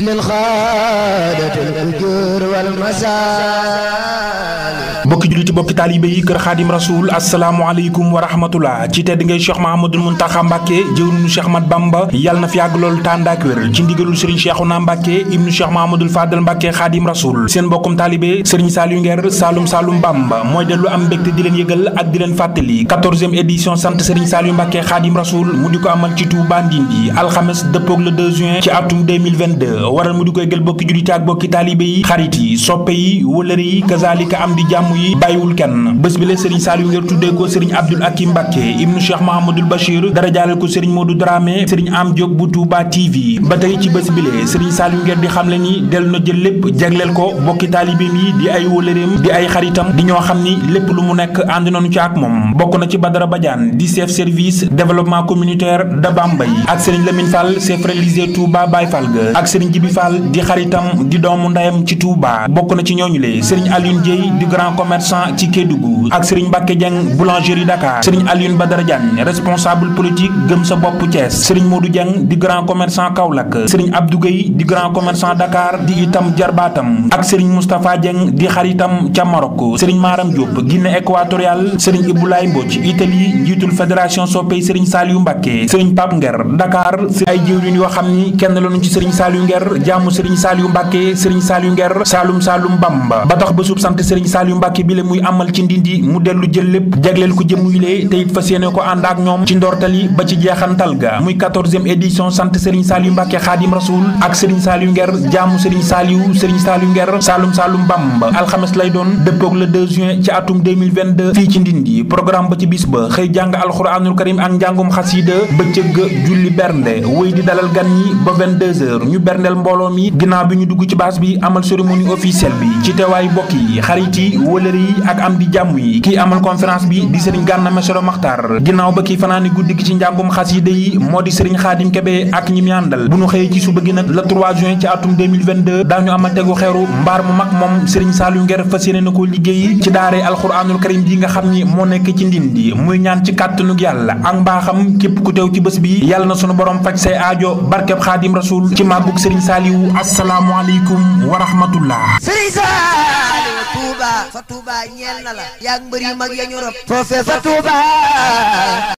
للغادة الأجور والمسار bokki julliti bokki taalibe yi kër xaadim rasul asalaamualeykum wa rahmatullah ci tedd ngay cheikh mahamadul muntaxa mbàkke jëwrinu cheikh mat bamba yàlla na fi yàgg loolu tàndaak wér ci ndigalul sëriñ cheikhuna mbàkke ibnu cheikh mahamadul fadal mbàkke xaadim rasul seen bokkum taalibe sëriñ saaliyu ngeer saalum saalum bamba mooy dellu am mbégte di leen yëgal ak di leen fàttali 14e édition sant sëriñ saaliyu mbàkke xaadim rasul mu di ko amal ci tuuba di yi bàyyiwul kenn bés bi la Serigne Saliou ngir tuddee ko Serigne Abdoul Hakim Mbacké ibnu Cheikh Mahamadul Bachir dara jaalal ko Serigne Modou Dramé Serigne Am Diop bu Touba TV ba tey ci bés bi la Serigne Saliou di xamle ni dellu na jël lépp jagleel ko bokki taalibeem yi di ay wóllëreem di ay xaritam di ñoo xam ni lépp lu mu nekk ànd nañu ci ak moom bokk na ci Badara Badiane di chef service développement communautaire da Bambey ak Serigne Lamine Fall chef religieux Touba Baye Fall ga ak Serigne Djibi Fall di xaritam di doomu ndeyam ci Touba bokk na ci ñooñu le Serigne Alioune Dieye di commerçant ci Kédougou ak Serigne Mbacké boulangerie Dakar Serigne Alioune badar Diagne responsable politique gem sa bopp Thiès Serigne Modou di grand commerçant Kaolack Serigne Abdou Gueye di grand commerçant Dakar di itam jarbaatam ak Serigne Moustapha jang di xaritam ca Maroc Serigne Maram Diop Guinée équatoriale Serigne Iboulaye Mbodj Italie njiitul fédération soppey Serigne Saliou Mbacké Serigne Pape Nguer Dakar ay jëwriñ yoo xam ni sering lañu ci Serigne Saliou Nguer jaamu Serigne Saliou ger, Serigne Saliou Nguer Saloum Saloum Bamba ba tax ba sub sant Serigne Saliou mbàkke bi la muy amal ci ndindi mu dellu jël lépp jagleel ko jëm yilee te it fas yéene ko ànd ak ñoom ci ndortal yi ba ci jeexantal ga muy quatorzième édition sant Serigne Saliou Mbàkke Xaadim Rasoul ak Serigne Saliou Nger jaamu Serigne Saliou Serigne Saliou Nger Saloum Saloum Bamba alxames lay doon dëppoog le juin ci atum fii ci ndindi programme ba ci bis ba xëy jàng alxuraanul karim ak njàngum xasida bëccëg julli bernde wéy di dalal gan ñi ba 22 ñu berndeel mbooloo cadre yi ak am di jàmm yi kii amal conférence bi di sëriñ Gana Messere Maxtaar ginnaaw ba kii fanaani guddi gi ci njàngum xasida yi moo di sëriñ Xaadim Kebe ak ñi àndal bu ñu xëyee ci suba gi nag le 3 ci atum 2022 daañu amal tegu xeeru mbaar mu mag moom sëriñ Saliou Nguer fas yéene na ko liggéey ci daare alxuraanul karim bi nga xam ni moo nekk ci ndindi muy ñaan ci kàttanug yàlla ak mbaaxam képp ku teew ci bés bi yàlla na sunu borom faj say aajo barkeb Xaadim Rasul ci màggug sëriñ Saliou asalaamaaleykum wa rahmatullah Touba ñeel na la. yaa ngi mbër yu mag ya ñu rob. foofee sa Touba.